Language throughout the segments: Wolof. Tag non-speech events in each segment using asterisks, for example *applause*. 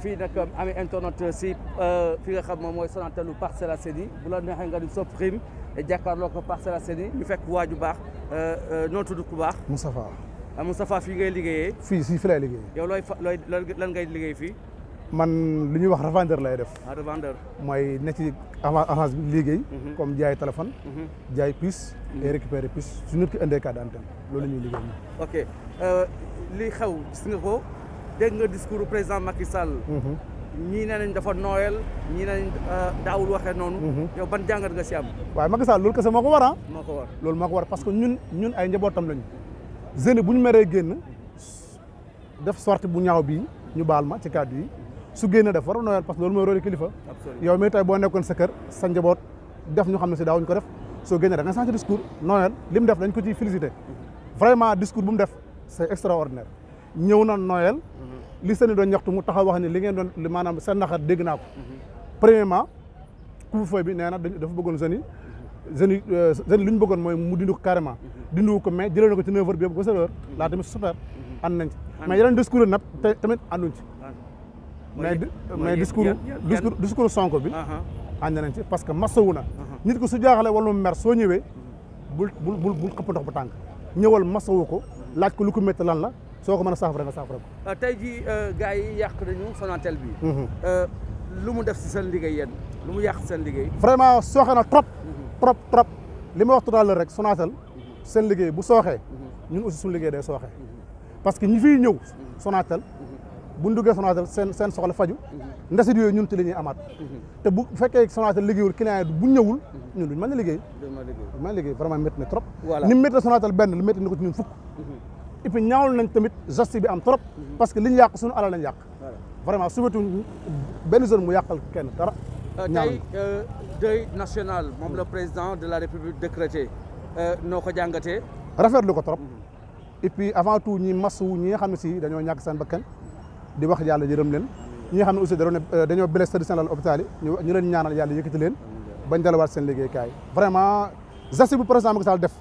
fii nag euh, amee internet euh, si euh, fi nga xam moom mooy Sonatel Parcelles Assainies bu la neexee nga di sopp xim jàkkaarloo ko Parcelles Assainies fekk waa ju baax tudd ku baax. Moustapha. Ah, Moustapha fii ngay liggéeyee. fii si fi lay yow looy fa lan ngay liggéey fii. man lu ñuy wax revendeur lay def. ah revendeur. mooy ne ci avance bi liggéey. Mhm. comme jaay téléphone. Mhm. jaay puce. Mhm. et récupérer puce indee carte d'antenne loolu la ñuy li xew gis nga ko. dégg nga discours président Macky Sall. Mhm. ñii nee nañ dafa nooyal ñii nee nañ euh, daawul waxee noonu. Mhm. yow ban jàngat nga si am. waaye Macky Sall loolu kese moo ko war ah. moo ko war loolu moo ko war parce ñun ay njabootam lañu. jeunes bu ñu meree génn def sortie bu ñaaw bi ñu baal ma ci kàddu yi su génne def war a nooyal parce que loolu mooy rôle kilifa. yow mii tey boo nekkoon sa kër sa njaboot def ñu xam ne si daawuñu ko def soo génne da nga changé discours nooyal li mu def dañ ko ciy félicité mhm. vraiment discours bu mu def c'est extraordinaire. ñëw na Noël mhm. li seen i doon ñaxtu mu taxaw wax ni li ngeen doon li maanaam seen naxar dégg naa ko premièrement couvre-feu bi nee na dafa bëggoon jeunes yi jeunes euh, ñu bëggoon mooy mu dindu ko carrément mhm. dindu ko mais jëlee ko ci 9h bi yëpp ba 7h mhm. laa tamit super ànd nañ ci mais yeneen discours yi nag tamit ànduñ ci ah. mais mais discours discours Sonko bi ah, ah. ànd nañ ci parce que masawu na nit ko su jaaxale wala mu mer soo ñëwee bul bul bul xëpp ndox bu tànk ñëwal masawu ko laaj lu ko métti lan la soo ko mën a saafara nga saafara ko. Euh, tey jii euh, gars yi yàq nañu Sonatel bi. Mhm. Euh, lu mu def seen liggéey yéen lu mu yàq seen liggéey. vraiment sooxe na trop. Mhm. trop trop li ma wax tout à l'heure rek Sonatel mhm. seen liggéey bu sooxee ñun aussi suñu liggéey day sooxe parce que ñu fiy ñëw Sonatel bu ñu duggee seen seen soxla faju ndesit yooyu ñun ci la ñuy amaat te bu fekkee Sonatel liggéeyul client yi bu ñëwul ñun duñ mën a liggéey duñ mën a liggéey vraiment métti ni mu benn lu métti na ko ci ñun fukk et puis ñaawul nañ tamit geste bi am trop parce que li ñu yàq suñu alal lañ yàq vraiment surtout benn zone mu yàqal kenn dara euh, tey euh, deuil national moom la président de la république décrété euh, noo ko jàngatee rafetlu ko trop mm-hmm. et puis avant tout ñi masu ñi nga xam ne si dañoo ñàkk seen bakkan di wax yàlla yërëm leen ñi xam ne aussi dañoo blessé di seen lal hôpital yi ñu leen ñaanal yàlla yëkkati leen bañ dalawaat seen liggéeykaay vraiment geste bu président Macky Sall def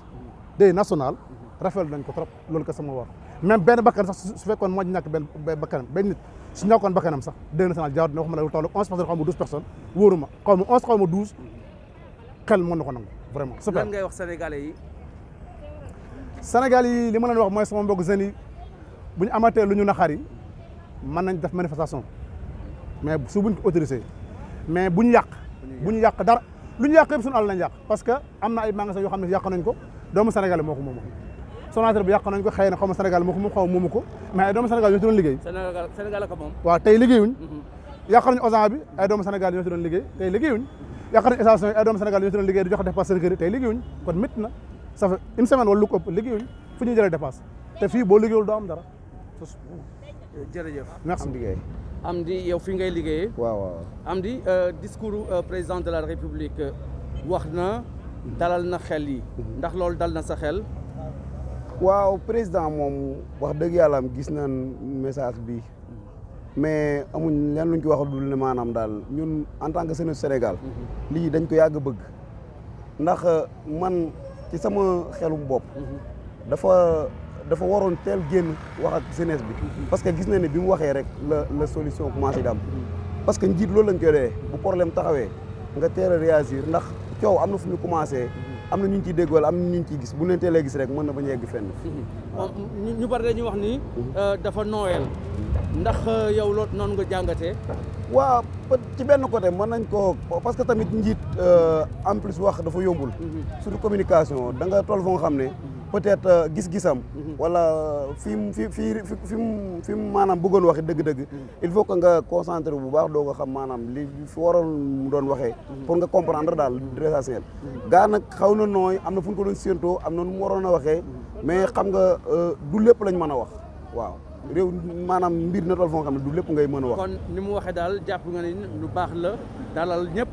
deuil national rafetlu nañ ko trop loolu ko sama war même benn bakkan sax su fekkoon moo ci ñàkk benn bakkanam benn nit su ñàkkoon bakkanam sax deuxième national jaawat na waxuma ma douze personnes wóoru ma xaw ma onze xaw na vraiment super ngay wax sénégalais yi sénégal li ma leen wax mooy sama mbokk jeunes yi bu ñu amatee lu ñu naxar yi mën nañ def manifestation mais su buñ ko autorisé mais buñ yàq buñ yàq dara lu ñu yàq yëpp suñu àll lañ yàq parce que am na ay magasin yoo xam ne yàq nañ ko doomu sénégalais moo ko moom Sonatel bu yàq nañ ko xëy na xaw ma Sénégal moo ko moom xaw ma moomu ko mais ay doomu Sénégal liggéey Sénégal la ko moom waaw tey liggéeyuñ mhm. yàq nañ Auchan bi ay doomu Sénégal ñoo ci doon liggéey tey liggéeyuñ yàq nañ station di kon métti na ça une semaine wala lu ko liggéeyuñ fu ñuy jëlee dépasse te fii boo liggéeyul doo am dara jërëjëf merci Amdy yow fii ngay liggéeyee waaw waaw Amdy euh, discours euh, président de la République euh, wax na mhm. dalal na xel yi mhm. ndax loolu dal na sa xel waaw président moom wax dëgg yàlla am gis nañ message bi mais amuñ leen luñ ko wax dul ne maanaam daal ñun en tant que seen Sénégal lii dañ ko yàgg bëgg ndax euh, man ci sama xelum bopp dafa dafa waroon teel génn wax ak jeunesse bi parce que gis na ne bi mu waxee rek la la solution commencé di am parce que njiit loolu lañ ko dee bu problème taxawee nga teel a réagir ndax coow am na fu ñu commencé am na ñu ciy dégg wala am na ñu ciy gis bu leen teelee gis rek mën na bañ a yegg fenn. ñu bari ñuy wax ni. Mhm. Euh, dafa nooweel. ndax euh, yow loot noonu nga jàngatee. waaw ci benn côté mën nañ ko parce que tamit njiit euh, en plus wax dafa yombul. Mhm. surtout communication da nga toll foo xam ne. Mhm. peut-être euh, gis-gisam. Mhm. wala fi mu fi fi fi mu fi mu maanaam bëggoon waxee dëgg-dëgg. Mhm. il faut que nga concentré bu baax doo nga xam maanaam li fi waroon mu doon waxee. Mhm. pour nga comprendre daal l'essentiel. gaa nag xaw na nooy am na fu ñu ko doon séentoo am na nu mu waroon a waxee. mais xam nga euh, du lépp lañ mën a wax waaw. réew maanaam mbir na tool foo xam ne du lépp ngay mën a wax. kon ni mu waxee daal jàpp nga ne lu baax la dalal ñëpp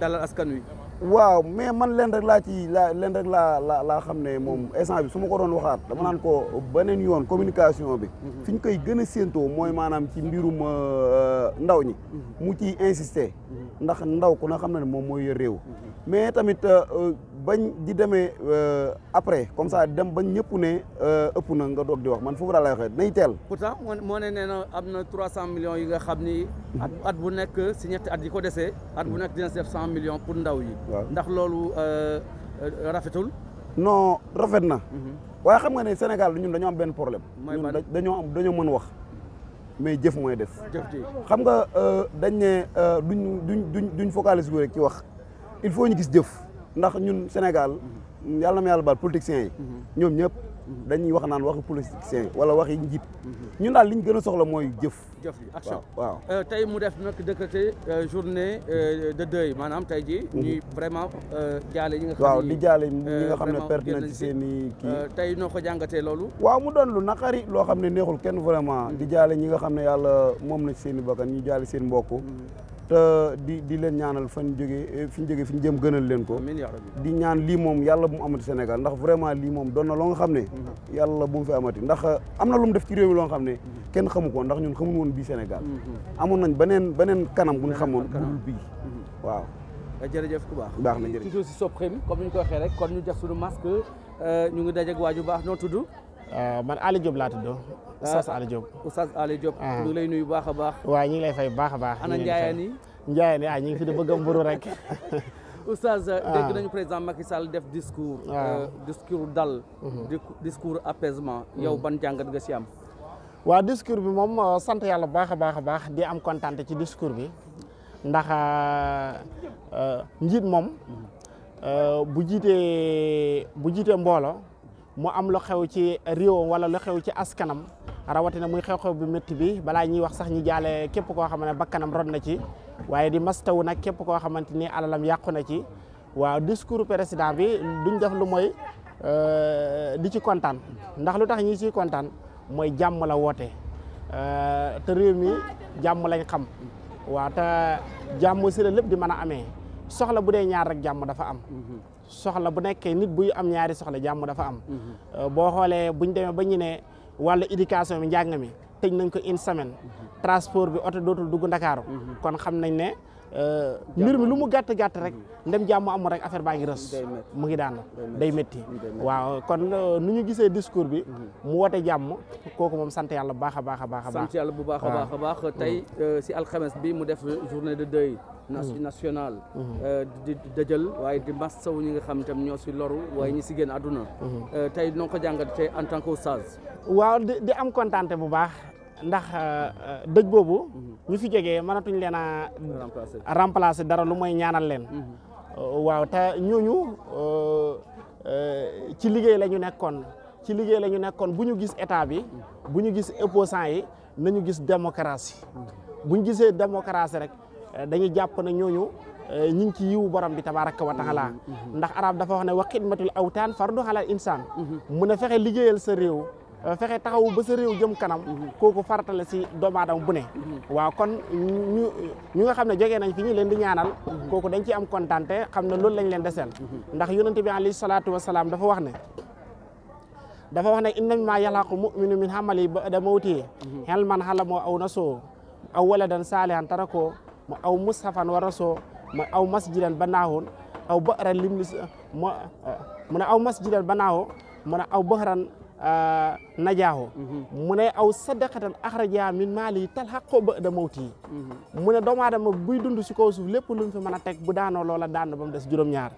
dalal askan wi. waaw mais man leen rek laa ci laa leen rek laa la laa xam ne moom instant bi su ma ko doon waxaat dama naan ko beneen yoon communication bi mhm. fi ñu koy gën a séentoo mooy maanaam ci mbirum euh, ndaw ñi mhm. mu ci insister mhm. ndax ndaw ku na xam na ne moom mooy réew mais tamit euh, bañ di demee euh, après comme ça dem bañ ñëpp ne euh, ëpp na nga doog di wax man foofu daal lay waxee nañ teel. pourtant moo ne nee na am na 300 millions yi nga xam ni. at at bu nekk si ñett at yi ko desee. at bu nekk dina def 100 millions pour ndaw yi. ndax loolu euh, rafetul. non rafet na. Mhm. waaye xam nga ne Sénégal ñun dañoo am benn problème. ñun dañoo am dañoo mën wax. mais jëf mooy def. xam nga dañ ne duñ duñ duñ duñ focaliser rek ki wax il faut ñu gis jëf. ndax ñun Sénégal yàlla na yàlla baal politiciens yi mhm. ñoom ñëpp dañuy wax naan waxi politiciens yi wala waxi njiit mhm. ñun daal li ñu gën a soxla mooy jëf jëf yi action waaw euh, tey mu def nag décrété euh, journée euh, de deuil maanaam tey ji mhm. ñuy vraiment jaale ñi nga xam waaw di jaale ñi nga xam ne perte na ci seen i kii noo ko jàngatee loolu waaw mu doon lu naqari loo xam ne neexul kenn vraiment di jaale ñi nga xam ne yàlla moom na ci seen i ñu jaale seen mbokk te di di leen ñaanal fan jógee eh, fi ñu jógee fi ñu jëm gënal leen ko di ñaan lii moom yàlla bu mu amati senegal ndax vraiment lii moom doon na loo nga xam ne mhm. yàlla bu mu fi amati ndax eh, am na lu def ci réew loo xam ne mhm. kenn xamu ko ndax ñun xamun woon bii Sénégal mhm, amoon nañ beneen beneen kanam bu ñu xamoon budul bii waaw jërëjëf ku baax baax na jërëjëf toujours si Soprim comme ni ñu waxee rek kon ñu jox suñu masque euh, ñu ngi dajeeg waaju baax noo tudd Euh, man Aliou Diop laa tudd. Ah, Oustaz Aliou Diop Oustaz Aliou Diop. Ah. ñu ngi lay nuyu baax a baax. waaw ñu ngi lay fay bu baax a baax. ana Ndiayeen yi Ndiayeen ah, ñu ngi fi de bëgg a mburu rek. *laughs* Oustaz dégg nañu président Macky Sall def discours. Euh, discours dal. Mhm. discours apaisement. Mhm. yow ban jàngat nga si am. waaw discours bi moom euh, sant yàlla bu baax a baax a baax di am kontaan ci discours bi ndax njiit moom mhm. bu jiitee bu jiitee mbooloo mu am lu xew ci réewam wala lu xew ci askanam rawatina muy xew-xew bi métti bi balaa ñuy wax sax ñi jaale képp koo xam ne bakkanam rod na ci waaye di mastawu nag képp koo xamante ni alalam yàqu na ci waaw discours président bi duñ def lu mooy euh, di ci kontaan ndax lu tax ñi ciy kontaan mooy jàmm la woote euh, te réew mi jàmm lañ xam waaw te jàmm si lépp di mën a amee. soxla bu dee ñaar rek jàmm dafa am mhm. soxla bu nekkee nit buy am ñaari soxla jàmm dafa am mhm. euh, boo xoolee buñ demee ba ñu ne wàllu éducation bi njàng mi tëj nañ ko une semaine mhm. transport bi oto dootul dugg Ndakaaru kon xam nañ ne Euh, mbir mi lu mu gàtt gàtt rek ndem jàmm amul rek affaire baa ngi rës mu ngi daan day métti waaw kon nu ñu gisee discours bi mhm. mu woote jàmm kooku moom sant yàlla baax a baax a baax a baax sant bu baax a baax a baax tey mhm. euh, si alxames bi mu def journée de deuil mhm. national euh, di dëjël waaye di massawu ñi nga xam te ñoo si loru waaye ñu si génn adduna tey noo ko jàngat tey en tant que oustaz waaw di am kontaante bu baax ndax euh, euh, dëj boobu ñu fi jógee mënatuñ leen a remplacer dara lu mooy ñaanal leen mhm. euh, waaw te ñooñu ci liggéey la ñu nekkoon ci liggéey la ñu nekkoon bu ñu gis état bi bu ñu gis opposant yi na ñu gis démocratie bu ñu gisee démocratie rek dañuy jàpp na ñooñu ñi ngi ci yiwu borom bi tabaraka wa taala mhm. Mhm. ndax arab dafa wax ne wa xidmatul awtaan fardu xalal insaan mun a fexe liggéeyal sa réew Euh, fexe taxawu ba sa réew jëm kanam kooku farata si doomu aadama bu ne mm-hmm. waaw kon ñu ñu nga xam ne jógee nañ fi ñu leen di ñaanal mm-hmm. kooku dañ ciy am kontante xam ne loolu lañ leen deseel mm-hmm. ndax yonente bi alayhi salaatu wasalaam dafa wax ne dafa wax ne innama yalaqu muminu min xamali ba da mawti xel man xala moo aw nasoo aw waladan saalihan tarakoo ma aw mushafan wa rasoo ma aw masjidan banaahoon aw bëran lim mu ne aw masjidan banaaho mu ne aw bëran Euh, najaahu mhm. mu ne aw sadaqatan axraja min maali talhaqu ba'da mawti mhm. mu ne doomu aadama buy dund si kaw lépp lu mu fi mën a teg bu daanoo loola daan ba mu des juróom-ñaar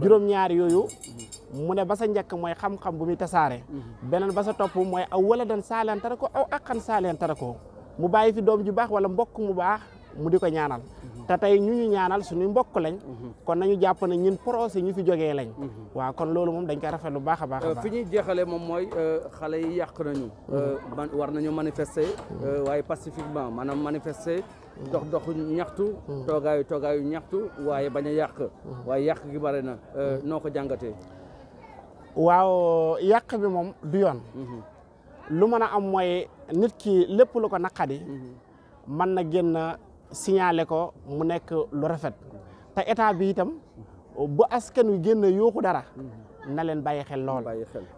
juróom-ñaar yooyu mhm. mu ne ba sa njëkk mooy xam-xam bu muy tasaare beneen ba sa topp mooy aw waladan saalihan tarako aw saaleen saalihan tarako mu bàyyi fi doom ji baax wala mbokk mu baax mu di ko ñaanal mhm. te tey ñu ñu ñaanal suñu mbokk lañ mhm. kon nañu jàpp ne ñun procès ñu fi jogee lañ mhm. waa kon loolu moom dañ koy rafetlu baax a baax euh, fi ñuy jeexale moom mooy euh, xale yi yàq nañu euh, war nañu manifester waaye pacifiquement maanaam manifester dox dox ñaxtu toogaayu toogaayu ñaxtu waaye bañ a yàq waaye yàq gi bare na noo ko jàngatee waaw yàq bi moom du yoon lu mën a am mooy nit ki lépp lu ko naqadi mën na génn signalé ko mu nekk lu rafet te état bi itam bu askan wi génn yooxu dara na leen bàyyi xel lool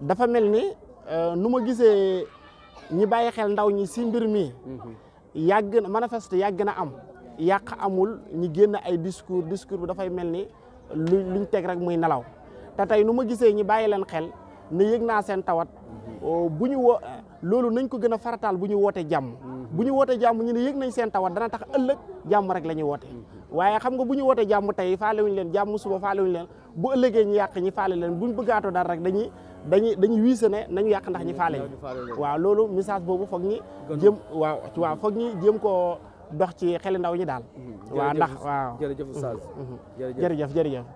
dafa mel ni euh, nu ma gisee ñi bàyyi xel ndaw ñi si mbir mi mhm. yàgg na manifeste yàgg na am yàq amul ñi génn ay discours discours bi dafay mel ni lu luñ teg rek muy nelaw te tey nu gisee ñi bàyyi leen xel ni yëg naa seen tawat mhm. oh, bu ñu woo loolu nañ ko gën a farataal bu ñu wootee jàmm bu ñu wootee jàmm ñu ne yëg nañ seen tawat dana tax ëllëg jàmm rek la ñuy woote waaye xam nga bu ñu wootee jàmm tey wuñ leen jàmm suba faalewuñu leen bu ëllëgee ñu yàq ñi faale leen buñ bëggaatoo daal rek dañuy dañuy dañuy wiise ne nañu yàq ndax ñi faale ñu waaw loolu message boobu foog ñi jéem waaw waaw foog ñi jëm koo dox ci xeli ndaw ñi daal mm-hmm. waaw ndax waaw mm-hmm. jërëjëf jërëjëf jërëjëf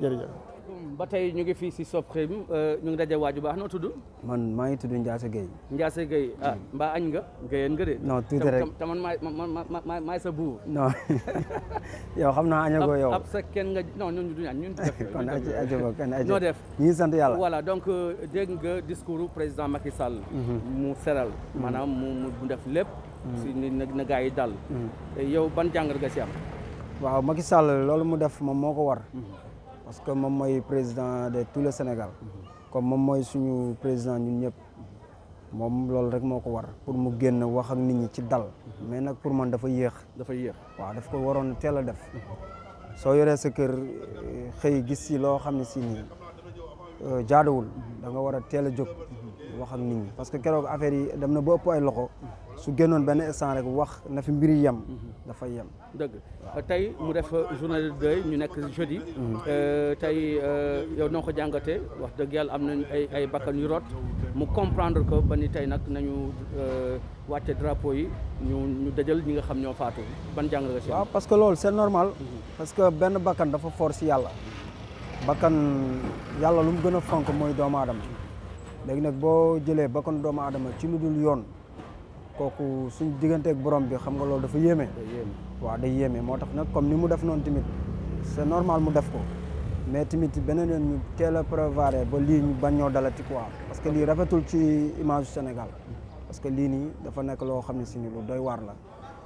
jërëjëf salaamaaleykum ba tey ñu ngi fii si Soprim euh, ñu ngi daje waaju baax noo tudd. man maa ngi tudd Ndiasse Gueye. Ndiasse Gueye ah mm. añ nga Gueye nga de. non tuuti rek te man maay man maay sa buur. non *laughs* yow xam naa aña ko yow. ab kenn nga non ñun duñu añ ñun. *laughs* kon aji aji def ñu ngi sant yàlla. voilà donc euh, dégg nga discours président Macky Sall. Mm-hmm. mu seral mm-hmm. maanaam mu def lépp. Mm-hmm. si ni na dal. yow ban jàngat nga si am. waaw Macky loolu mu def ma moo ko war. parce que moom mooy président de tout le Sénégal comme moom mooy suñu président ñun ñëpp moom loolu rek moo ko war pour mu génn wax ak nit ñi ci dal mais nag pour man dafa yéex dafa yéex waaw daf ko waroon teel a def soo yoree sa kër xëy gis si loo xam ne si nii euh, jaaduwul da nga war a teel a jóg wax ak nit ñi parce que keroog affaire yi dem na ba ëpp ay loxo su génnoon benn instant rek wax na fi mbir yem dafa yem dëgg tey mu def journée de deuil ñu nekk jeudi euh, tey euh, yow noo ko jàngatee wax dëgg yàlla am nañ ay ay bakkan yu mu comprendre ko ba ni tey nag nañu euh, wàcce drapeau yi ñu ñu dajal ñi nga xam ñoo faatu ban jàng nga si waaw parce que loolu c'est normal parce que benn bakkan dafa for si yàlla bakkan yàlla lu mu gën a fonk mooy doomu aadama léegi nag boo jëlee bakkan doomu aadama ci lu dul yoon kooku suñ digganteeg borom bi xam nga loolu dafa yéeme. waaw day yéeme moo tax nag comme ni mu def noonu tamit c'est normal mu def ko mais tamit beneen yoon ñu teel a prévoir ba lii ñu bañ ñoo ti quoi parce que lii rafetul ci image Sénégal parce que lii nii dafa nekk loo xam ne si lu doy waar la.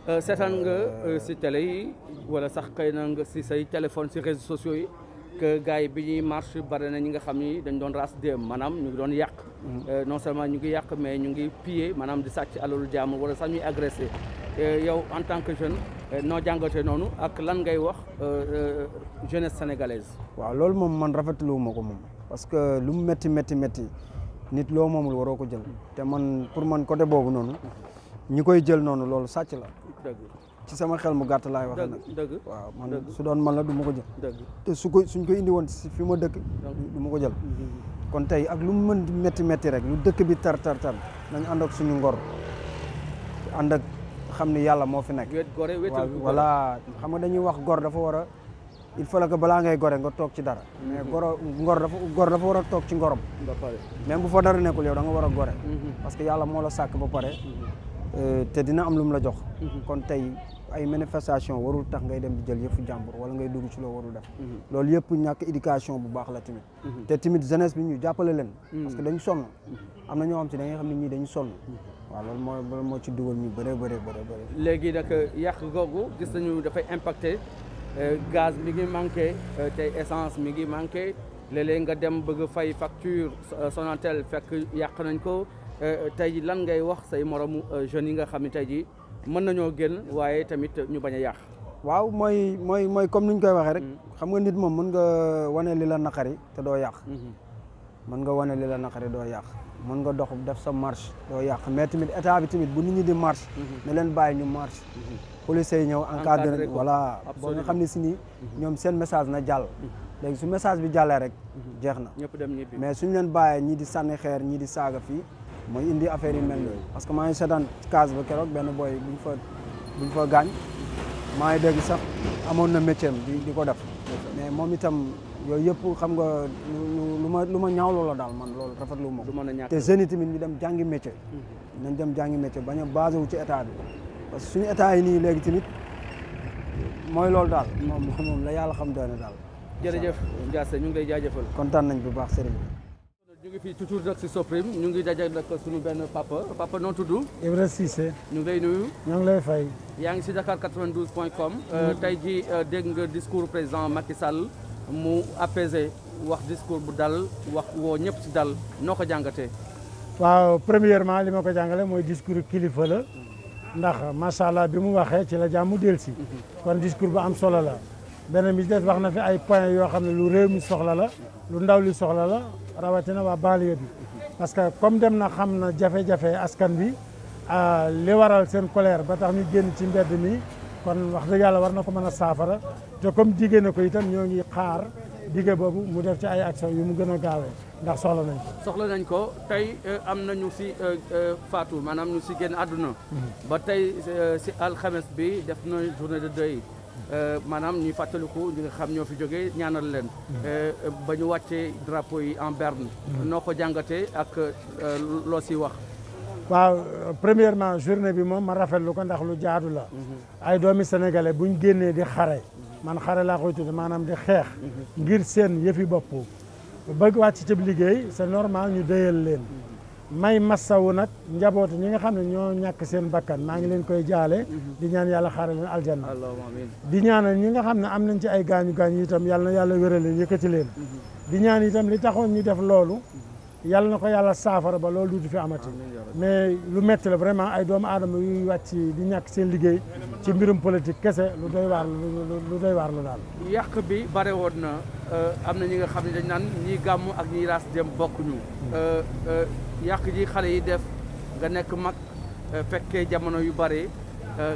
Euh, seetaan nga euh, euh, si télé yi wala sax kay na nga si say téléphone si réseaux sociaux yi. que gars yi bi ñuy marche bare na ñi nga xam ni dañ doon raas dem maanaam ñu ngi doon yàq euh, non seulement ñu ngi yàq mais ñu ngi piller maanaam di sàcc alalu jaamur wala sax ñuy agressé euh, yow en tant que jeune euh, noo jàngatee noonu ak lan ngay wax jeunesse sénégalaise waaw loolu moom man rafetluwuma ko moom parce que lu mu métti métti métti nit loo moomul waroo ko jël te man pour man côté boobu noonu ñi koy jël noonu loolu sàcc la ci sama xel mu gàtt laay waxee nag dëgg waaw man su doon man la du ma ko jël dëgg te su ko suñ ko indi woon si fi ma dëkk du ma ko jël mm-hmm. kon tey ak lu mu mën di metti métti rek lu dëkk bi tar tar tar nañ ànd ak suñu ngor ànd ak xam ni yàlla moo fi nekk voilà xam nga dañuy wax gor dafa war a il faut que balaa ngay gore nga toog ci mm-hmm. mais goro ngor dafa gor dafa war a toog ci ngorom même bu foo dara nekkul yow da nga war a gore mm-hmm. parce que yàlla moo la sàkk ba pare euh, te dina am lu mu la jox kon tey ay manifestation warul tax ngay dem di jël yëpp jàmbur wala ngay dugg ci loo warul def mhm. loolu yëpp ñàkk éducation bu baax la tamit mhm. te tamit jeunesse bi ñuy jàppale leen mhm. parce que dañu sonn am na ñoo xam ci da ngay xam ne ñii dañu sonn waaw loolu moo ci dugal ñu bëree bëree bëree bëri léegi nag yàq googu gis nañu dafay impacté euh, gaz mi ngi manqué euh, tey essence mi ngi manqué léeg nga dem bëgg fay facture euh, Sonatel fekk yàq nañ ko tey lan ngay wax say moromu jeunes yi nga xam ne tey ji mën nañoo génn waaye tamit ñu bañ a yàq. waaw mooy mooy mooy comme ni ñu koy waxee rek. Mm-hmm. xam nga nit moom mën nga wane li la naqari te doo yàq. Mm-hmm. mën nga wane li la naqari doo yàq. mën nga dox def sa marche doo yàq mais tamit état bi tamit bu nit ñi di marche. Mm-hmm. ne leen bàyyi ñu marche. police yi ñëw encadré rek boo nga xam ne si nii ñoom seen message na jàll. léegi su message bi jàllee rek. jeex na mais suñu leen bàyyee ñii di sànni xeer ñii di saaga fii. mooy indi affaire yu mel nii parce que maa ngi seetaan case keroog benn booy buñ fa buñ fa gaañ maa ngi dégg sax amoon na métier di di ko def mais moom itam yooyu yëpp xam nga lu ma lu ma ñaaw loola daal man loolu rafetlu ma ko te jeunes yi tamit ñu dem jàngi métier mm-hmm. nañ dem jàngi métier bañ a basé wu ci état bi parce que suñu état yi nii léegi tamit mooy loolu daal moom moom la yàlla xam doone daal jërëjëf Ndiasse ñu ngi lay jaajëfal kontaan nañ bu baax sëriñ ñu ngi fii toujours nag si Soprim ñu ngi daje nag suñu benn papa papa noo tudd. Ibra Cissé. ñu ngi lay nuyu. ñoo ngi lay fay. yaa ngi si Dakar 92 point com. Euh, mm-hmm. tey jii euh, dégg nga discours président Macky Sall mu apaisé wax discours bu dal wax woo ñëpp si dal noo ko jàngatee. waaw premièrement li ma ko jàngale mooy discours kilifa la. Mm-hmm. ndax macha allah bi mu waxee ci la jàmm dellusi. Mm-hmm. kon discours bu am solo la. beneen bi ci des wax na fi ay point yoo xam ne lu réew mi soxla la lu ndaw li soxla la rawatina waa banlieue bi parce que comme dem na xam na jafe-jafe askan bi ah, li waral seen colère ba tax ñu génn ci mbedd mi kon wax dëgg yàlla war na ko mën a saafara te comme diggé na ko itam ñoo ngi xaar diggé boobu mu def ci ay action yu mu gën a gaawee ndax soxla nañ ko. soxla nañ ko tey euh, am na ñu si euh, euh, faatu maanaam ñu si génn àdduna. Mm-hmm. ba tey si alxemes bi def na journée de deuil. Euh, maanaam ñuy fàttaliku ñi nga xam ñoo fi jógee ñaanal leen. Euh, ba ñu wàccee drapeau yi en berne. Mm. noo ko jàngatee ak euh, loo si wax. waaw premièrement journée bi moom ma rafetlu ko ndax lu jaadu la. Mm-hmm. ay doomi sénégalais buñ génnee di xare. Mm-hmm. man xare laa koy tudd maanaam di xeex. Mm-hmm. ngir seen yëfi bopp. bëgg wàcc ci liggéey c'est normal ñu dëyal leen. may massawu nag njabootu ñi nga xam ne ñoo ñàkk seen bakkan maa ngi leen koy jaale mhm. di ñaan yàlla xaaral leen aljanna di ñaanal ñi nga xam ne am nañ ci ay gaañu gaañu itam yàlla na yàlla wérale leen mhm. di ñaan itam li taxoon ñu def loolu mhm. yàlla na ko yàlla saafara ba loolu duutu fi amati mais lu metti la vraiment ay doomu aadama yuy wàcc di ñàkk seen liggéey ci mbirum politique kese lu doy waar lu doy waar lu daal yàq bi bare woon na euh, am na ñi nga xam ne dañ naan ñii gàmm ak ñii raas dem bokkuñu hmm. euh, euh, yàq ji xale yi def nga nekk mag fekkee jamono yu bare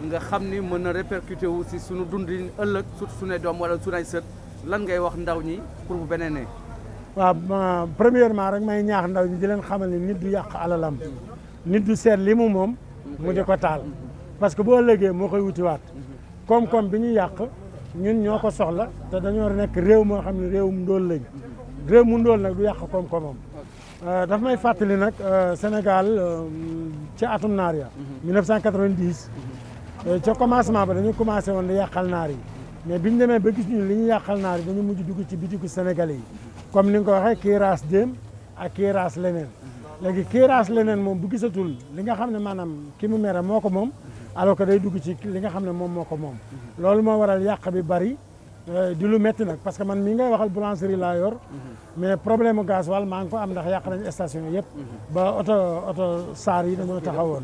nga xam ni mën na répercuté wu si suñu dundin ëllëg surtout su ne doom wala su nay sët lan ngay wax ndaw ñi pour bu beneen ne waaw premièrement rek may ñaax ndaw ñi di leen xamal ni nit du yàq alalam nit du seet li mu moom mu di ko taal parce que boo legee moo koy wutiwaat koom-koom bi ñu yàq ñun ñoo ko soxla te dañoo nekk réew moo xam ne réewum ndool lañ réew mu ndool nag du yàq koom-koomam euh, daf may fàttali nag euh, Sénégal euh, ci atum naar ya 1990 ca commencement ba dañu commencé woon di yàqal naar yi mais biñu demee ba gis ñu li ñu yàqal naar yi dañu mujj dugg ci bitigu Sénégalais yi comme ni nga ko waxee kiiraas jéem a kiiraas leneen léegi kiiraas leneen moom bu gisatul li nga xam ne maanaam ki mu moo ko moom alors que day dugg ci li nga xam ne moom moo ko moom loolu moo waral yàq bi bari euh, di lu metti nag parce que man mii ngay waxal boulangerie laa yor mais problème mu gasoil maa ngi ko am ndax yàq nañ station yëpp ba oto oto saar yi dañoo taxawoon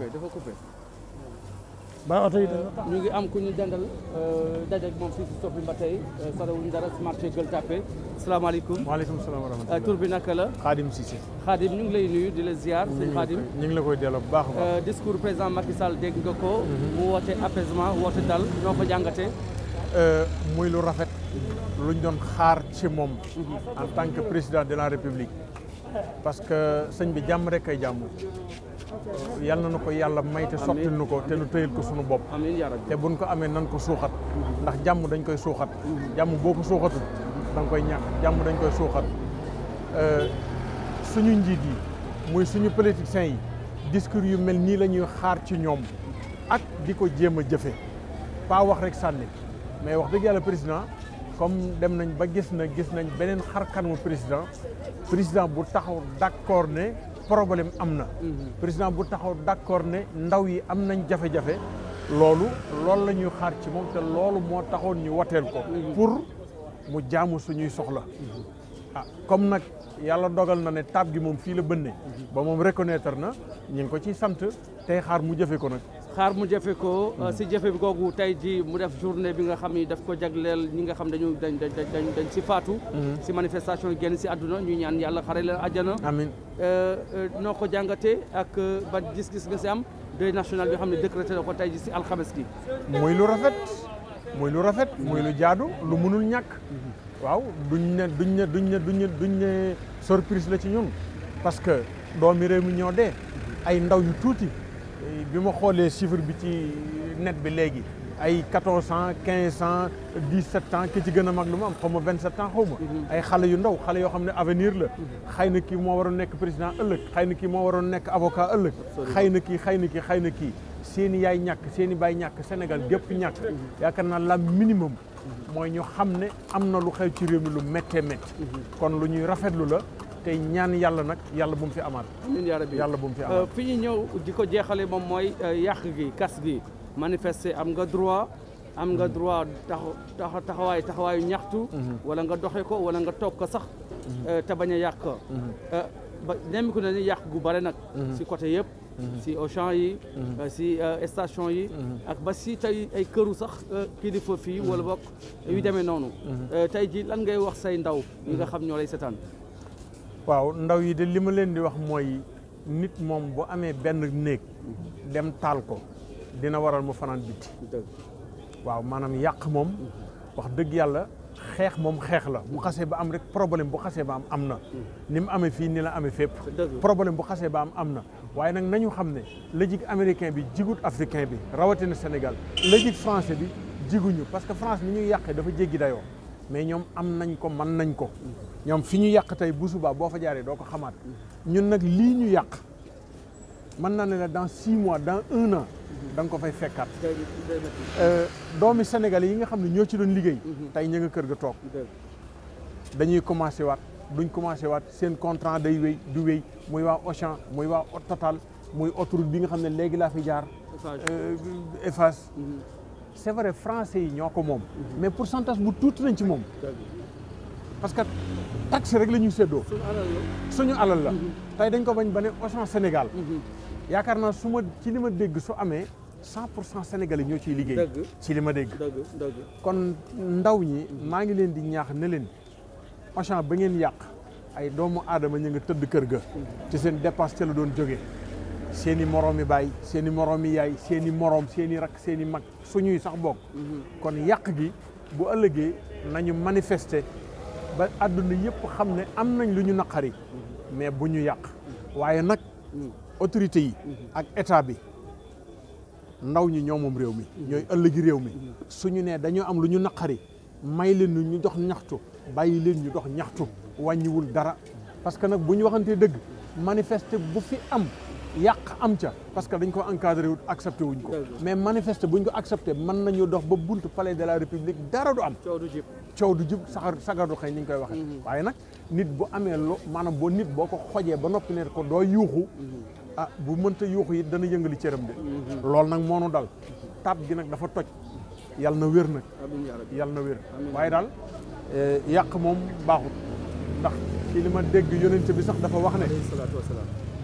ba oto yi euh, ñu ngi am ku ñu dendal euh, dajeeg moom fii si Soprim ba tey euh, sorewuñ dara si marché Gueule Tapée salaamaaleykum waaleykum salaam wa rahmatulah tur bi naka la Khadim si Khadim ñu ngi lay nuyu di la ziar sëñ Khadim ñu ngi la koy delloo bu baax a baax discours président Macky Sall dégg nga ko mhm. mu woote apaisement woote dal ñoo ko jàngatee muy lu rafet lu ñu doon xaar ci moom mhm. en tant que président de la République parce que sëñ bi jàmm rek ay jàmm yal na nu ko yàlla may te sottil nu ko te nu tëyal ko sunu bopp te buñ ko amee nan ko suuxat ndax jàmm dañ koy suuxat jàmm boo ko suuxatul da koy ñàkk jàmm dañ koy suuxat euh, suñu njiit yi muy suñu politiciens yi discours yu mel nii la ñuy xaar ci ñoom ak di ko jéem a jëfe pas wax rek sànni mais wax dëgg yàlla président comme dem nañ ba gis na gis nañ beneen xarkanu président président bu taxaw d'accord ne problème am na. Mhm. président bu taxaw d'accord ne ndaw yi am nañ jafe-jafe. loolu loolu la ñuy xaar ci moom te loolu moo taxoon ñu wateel ko. Mhm. pour mu jaamu suñuy soxla. Mhm. ah comme nag yàlla dogal na ne taab gi moom fii la bënne. ba moom reconnaître na ñu ko ciy sant tey xaar mu jëfe ko nag. xaar mu jafe ko euh, si jafe bi googu tey ji mu def journée bi nga xam ni daf ko jagleel ñi nga xam dañu dañ dañ dañ dañ si faatu mhm. si manifestation génn si àdduna ñu ñaan yàlla xare leen àjjana amiin euh, euh, noo ko jàngatee ak ban gis-gis nga si am de nationale bi xam ne décrété na ko tey ji si alxames gi muy lu rafet muy lu rafet muy lu jaadu lu mënul ñàkk waaw duñ ne duñ ne duñ ne duñ ne duñ ne surprise la ci ñun parce que doomi réew mi ñoo dee ay ndaw yu tuuti bi ma xoolee chiffre bi ci net bi léegi ay quatorze cent quinze cent dix sept ans ki ci gën a mag lu ma am xaw ma vingt sept ans xaw ma mhm. ay xale yu ndaw xale yoo xam ne avenir la mhm. xëy na kii moo waroon nekk président ëllëg xëy na kii moo waroon nekk avocat ëllëg xëy na kii xëy na kii xëy na kii seen i yaay ñàkk seen i baay ñàkk Sénégal gépp ñàkk mhm. yaakaar naa la minimum mooy ñu xam ne am na lu xew ci réew mi lu mettee métti kon lu ñuy rafetlu la tey ñaan yàlla nag yàlla bu mu fi amaat. yaa rabbi yàlla bu fi euh, fi ñu ñëw di ko jeexale moom mooy euh, yàq gi kas gi manifester am nga droit. am nga mhm. droit taxaw taxawaayu taxawaayu ñaxtu. Mhm. wala nga doxe ko wala nga toog ko sax. Mhm. Euh, te bañ a yàq. ba nemmiku na ni yàq gu bare nag. si côté yëpp. si Auchan yi. si station yi. ak ba si tey ay këru sax kilifa fii wala bokk yu demee noonu. tey ji lan ngay wax say ndaw. nga xam ñoo lay setaan. waaw ndaw yi de li ma leen di wax mooy nit moom bu amee benn néeg dem taal ko dina waral mu fanaan biti waaw maanaam yàq moom wax dëgg yàlla xeex moom xeex la bu xasee ba am rek problème bu xasee ba am am na ni mu amee fii ni la amee fépp problème bu xasee ba am am na waaye nag nañu xam ne la jig américain bi jigut africain bi rawatina Sénégal la jig bi jiguñu parce que France ni ñuy yàqee dafa jéggi dayoo mais ñoom am nañ ko mën nañ ko ñoom fi ñu yàq tey bu subaa boo fa jaaree doo ko xamaat ñun nag lii ñu yàq mën naa ne la dans six mois dans un danga ko fay fekkaat euh, doomi Sénégal yi nga xam ne ñoo ci doon liggéey tey ñu nga kër ga toog dañuy commencé waat duñ commencé waat seen contrant day wéy du wéy muy waa Auchan muy waa Total muy autoroute bi nga xam ne léegi laa fi jaar Eiffage euh, mhm. c'est vrai français yi ñoo ko moom mais pourcentage bu tuuti nañ ci moom parce que taxe rek lañuy ñuy suñu alal la mhm. tey dañ ko bañ bane ne Sénégal mhm. yaakaar naa su ma ci li ma dégg su amee cent pour cent sénégalais ñoo ciy liggéey ci li ma dégg kon ndaw ñi mhm. maa ngi leen di ñaax ne leen Auchan ba ngeen yàq ay doomu aadama ñu nga tëdd kër ga ci seen dépense ca la doon jóge seen i moroomi baay seen i moroomi yaay seeni moroom seen i rak seen i mag suñuy sax bokk. Mhm. kon yàq gi bu ëllëgee nañu manifester ba àdduna yëpp xam ne am nañ lu ñu naqari mhm. mais bu ñu yàq mhm. waaye nag autorité yi ak état bi ndaw ñi ñoo moom réew mi ñooy ëllëgi réew mi suñu nee dañoo am lu ñu naqari may leen ñu dox ñaxtu bàyyi leen ñu dox ñaxtu wàññiwul dara parce que nag bu ñu waxantee dëgg manifester bu fi am yàq am ca parce que dañ ko encadré wut accepté wuñ ko mais manifeste buñ ko accepté mën nañu dox ba buntu palais de la république dara du am coow du jib saxar sagar du xëy ni koy waxee mhm. waaye nag nit bu amee lu maanaam boo nit boo ko xojee ba noppi ne ko doo yuuxu mhm. ah bu mënta yuuxu it dana yëngali cëram de mhm. loolu nag moo nu dal tab gi nag dafa toj yàlla na wér nag yàlla na wér waaye daal eh, yàq moom baaxut ndax ci li ma dégg yonent bi sax dafa wax ne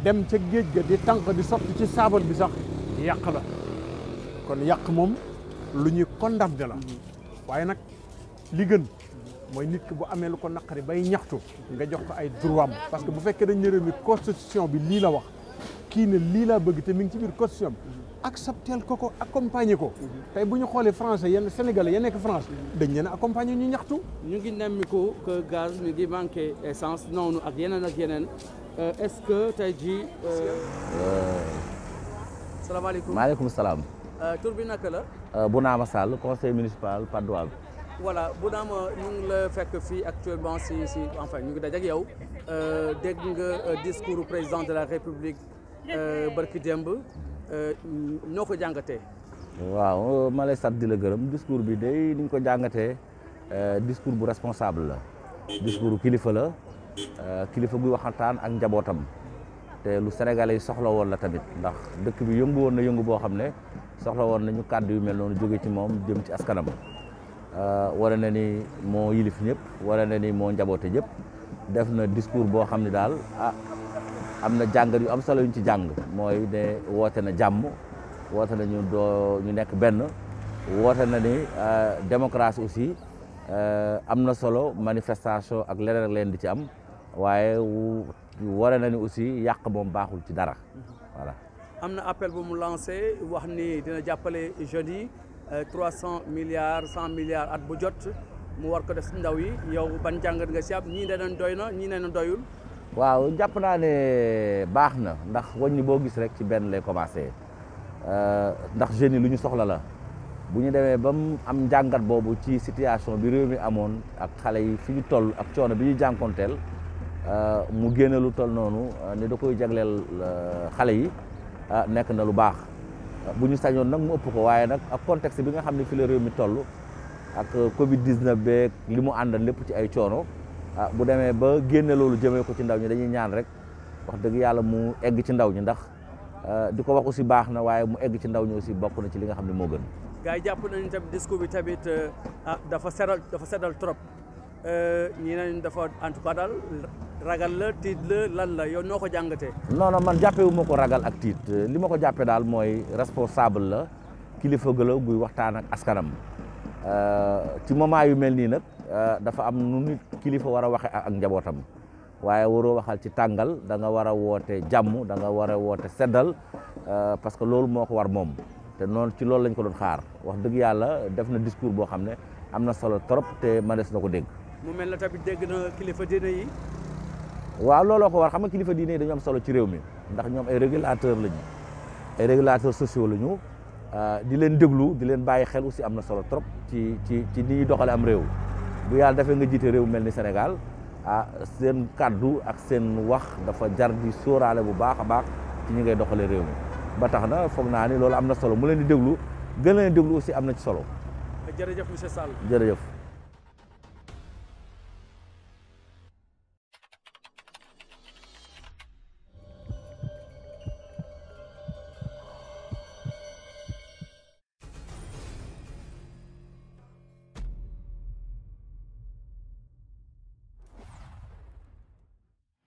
dem ca géej ga di tànq di sotti ci saabal bi sax yàq la kon yàq moom lu ñuy kon condamné la waaye nag li gën mooy nit ki bu amee lu ko naqari bay ñaxtu nga jox ko ay droit parce que bu fekkee dañ ne réew mi constitution bi lii la wax kii ne lii laa bëgg te mi ngi ci biir constitution bi acceptel ko ko accompagner ko tey bu ñu xoolee français yenn sénégalais ya nekk France dañ leen accompagner ñu ñaxtu ñu ngi nemmiku que gaz mi ngi manqué essence noonu ak yeneen ak yeneen Euh, est-ce que tey jii. Euh, salaamaaleykum salaam. Euh, tur bi naka la. bu Bounama Sall conseil municipal Patte d'Oie. voilà Bounama ñu la fekk fii actuellement si si enfin ñu ngi daje ak yow dégg nga discours du président de la République barki démb noo ko jàngate waaw ma lay di la gërëm discours bi day ni ñu ko jàngatee discours bu responsable la. discours kilifa la. Euh, kilifa guy waxantaan ak njabootam te lu sénégalais yi soxla woon la tamit ndax dëkk bi yëngu woon na yëngu boo xam ne soxla woon nañu kàddu yu mel noonu jógee ci moom jëm ci askanam euh, wara na ni moo yilif ñëpp wara na ni moo njaboote ñëpp def na discours boo xam ne daal ah am na jàngat yu am solo yuñ ci jàng mooy ne woote na jàmm woote na ñu doo ñu nekk benn woote na ni euh, démocratie aussi am na solo manifestation ak leneen ak leen di ci am waaye wara na ni aussi yàq moom baaxul ci dara voilà. am na appel bu mu lancé wax ni dina jàppale jeunes yi euh, trois cent milliards cent milliards at bu jot mu war ko def si ndaw yi yow ban jàngat nga si am ñii nee nañ doy na ñii nee nañ doyul. waaw jàpp naa ne baax na ndax wañ boo gis rek ci benn lay commencé euh, ndax jeunes yi lu ñu soxla la bu ñu demee ba mu am njàngat boobu ci situation bi réew mi amoon ak xale yi fi ñu toll ak coono bi ñu jànkoonteel. Euh, mu génne lu toll noonu euh, ni da koy jagleel euh, xale yi nekk na lu baax bu ñu sañoon nag mu ëpp ko waaye nag ak contexte bi nga xam ne fi la réew mi toll ak Covid 19 beeg li mu àndal lépp ci ay coono bu demee ba génne loolu jëmee ko ci ndaw ñi dañuy ñaan rek wax dëgg yàlla mu egg ci ndaw ñi ndax di ko wax aussi baax na waaye mu egg ci ndaw ñi aussi bokk na ci li nga xam ne moo gën. gars jàpp nañu tamit discours bi tamit ah, dafa seral dafa seral trop. Euh, ñi nañ dafa en tout daal ragal la tiit la lan la yow noo ko jàngatee. non non man jàppee ma ko ragal ak tiit li ma ko jàppee daal mooy responsable la kilifa gëla guy waxtaan ak askanam euh, ci moment yu mel nii nag euh, dafa am nu nit kilifa war a waxee ak njabootam waaye waroo waxal ci tàngal da nga war a woote jàmm da nga war a woote seddal parce que loolu moo ko war moom te noonu ci loolu lañ ko doon xaar wax dëgg yàlla def na discours boo xam ne am na solo trop te mënees na ko dégg. mu mel na tamit dégg na kilifa diine yi. waaw looloo ko war xam na kilifa diine yi dañu am solo ci réew mi ndax ñoom ay régulateurs lañu ay régulateurs sociaux lañu euh, di leen déglu di leen bàyyi xel aussi am na solo trop ci ci ci ni ñuy doxale am réew bu yàlla defee nga jiite réew mel ni Sénégal ah seen kàddu ak seen wax dafa jar di sóoraale bu baax a baax ci ñi ngay doxalee réew mi ba tax na foog naa ni loolu am na solo mu leen di déglu gën leen déglu aussi am na ci solo. jërëjëf monsieur jërëjëf.